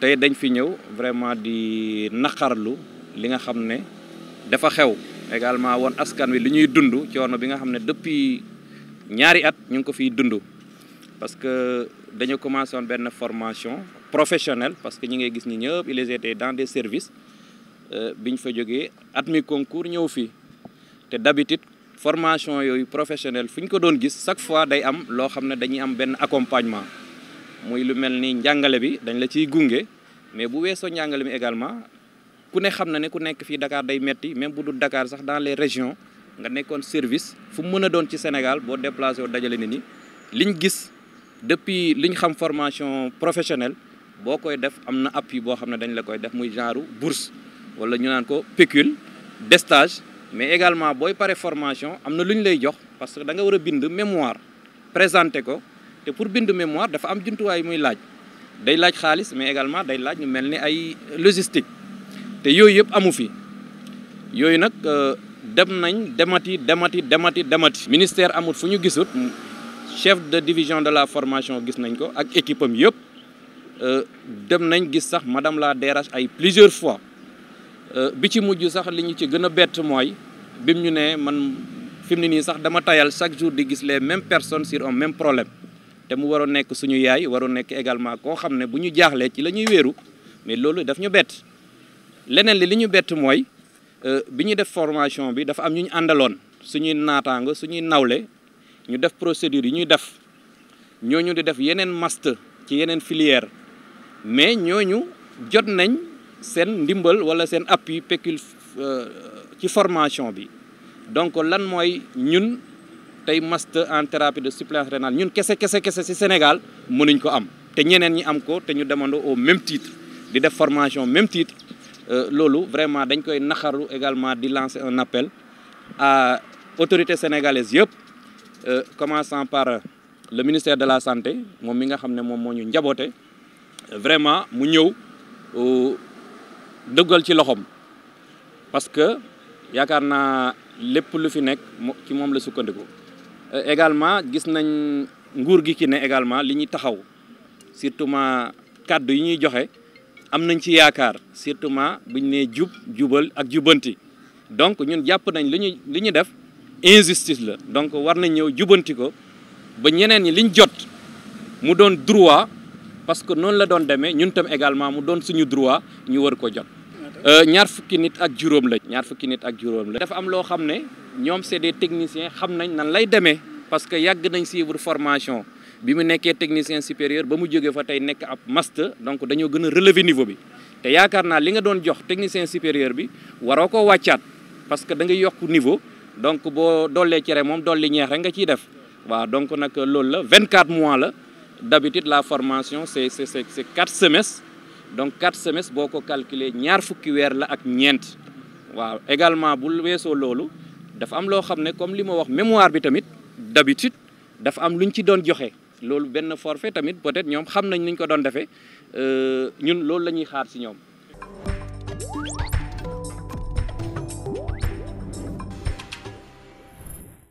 tey dañ fi ñëw vraiment di naqarlu li nga xam ne dafa xew également woon askan wi lu ñuy dund coono bi nga xam ne depuis ñaari at ñu ngi ko fiy dund parce que dañu commencé woon benn formation professionnel parce que ñu ngay gis ñi ñëpp ils étaient dans des services euh, biñ fa jógee at mi concours ñëw fii te d'habitude formation yooyu professionnel fu ñu ko doon gis chaque fois day am loo xam ne dañuy am benn accompagnement muy lu mel ni njàngale bi dañ la ciy gunge mais bu weesoo njàngale mi également ku ne xam na ne ku nekk fii dakaar day metti même bu dul dakaar sax dans les régions nga nekkoon service fu mu mën a doon ci Sénégal boo déplacé wu dajale ni ñi liñ gis depuis liñ xam formation professionnelle boo koy def am na appui boo xam ne dañ la koy def muy genre bourse wala ñu ko pécule destage mais également booy pare formation am na lu ñu lay jox parce que da nga war a bind mémoire présenté ko te pour bind mémoire dafa am juntuwaay muy laaj day laaj xaalis mais également day laaj ñu mel ni ay logistique te yooyu yëpp amu fi yooyu nag euh, dem nañ demati demati demati demati. ministère amul fu ñu gisut chef de division de la formation gis nañ ko ak équipe am yëpp euh, dem nañ gis sax madame la derage ay plusieurs fois. Euh, bi ci mujj sax li ñu ci gën a bett mooy bim ñu nee man fi nii sax dama tayal chaque jour di gis les même personne sur un même problème te mu waroon nekk suñu yaay waroon nekk également koo xam ne bu ñu jaaxlee ci la ñuy wéeru mais loolu daf ñu bett leneen li li ñu bett mooy euh, bi ñu def formation bi dafa am ñu ñu àndaloon suñuy naataango suñuy nawle ñu def procédure yi ñuy def ñoo ñu di def yeneen master ci yeneen filière mais ñooñu jot nañ seen ndimbal wala seen appui pécule euh, ci formation bi donc lan mooy ñun tey maste en thérapie de suppléance rénale ñun kese kese kese ci Sénégal mënuñ ko am te ñeneen ñi am ko te ñu demandoo au même titre di def formation même titre euh, loolu vraiment dañ koy naxaru également di lancer un appel à autorité sénégalaises yëpp euh, commençant par le ministère de la santé moom mi nga xam ne moom moo ñu njaboote vraiment mu ñëw dëggal ci loxoom parce que yaakaar naa lépp lu fi nekk ci moom la sukkandiku. Euh, également gis nañ nguur gi ki ne également li ñuy taxaw surtout ma kàddu yi ñuy joxe am nañ ci yaakaar surtout ma bu nee jub jubal ak jubanti donc ñun jàpp nañ li ñuy li ñuy def injustice la donc war nañ ñëw jubanti ko ba ñeneen ñi liñ jot mu doon droit parce que noonu la doon demee ñun tam également mu doon suñu droit ñu war ko jot. Euh, ñaar fukki nit ak juróom lañ ñaar fukki nit ak juróom lañ. dafa am loo xam ne ñoom c'est des techniciens xam nañ nan lay demee parce que yàgg nañ suivre formation bi mu nekkee technicien supérieur ba mu jógee fa tey nekk ab master donc dañoo gën a relever niveau bi te yaakaar naa li nga doon jox technicien supérieur bi waroo ko wàccaat parce que da ngay yokk niveau donc boo doolee cere moom dolli ñeex rek nga ci def waa donc nag loolu la vingt 24 mois la d'habitude la formation c'est c'est c'est quatre donc quatre semestres boo ko calculer ñaar fukki weer la ak ñeent waaw également bu weesoo loolu dafa am loo xam ne comme li ma wax mémoire bi tamit d'habitude dafa am lu ñu ci doon joxe loolu benn forfait tamit peut-être ñoom xam nañ ni ñu ko doon defee euh, ñun loolu la ñuy xaar ci ñoom